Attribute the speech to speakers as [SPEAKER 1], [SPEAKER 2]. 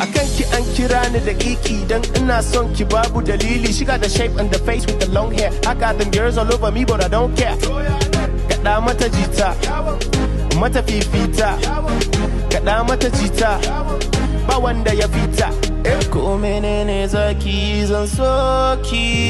[SPEAKER 1] akan ki an kira ni da kiki dan ina son ki babu dalili shiga da the shape and the face with the long hair I got them girls all over me but I don't care gada mata jita mata fifita gada mata jita ba wanda ya fita eh, ko menene zaki zan soki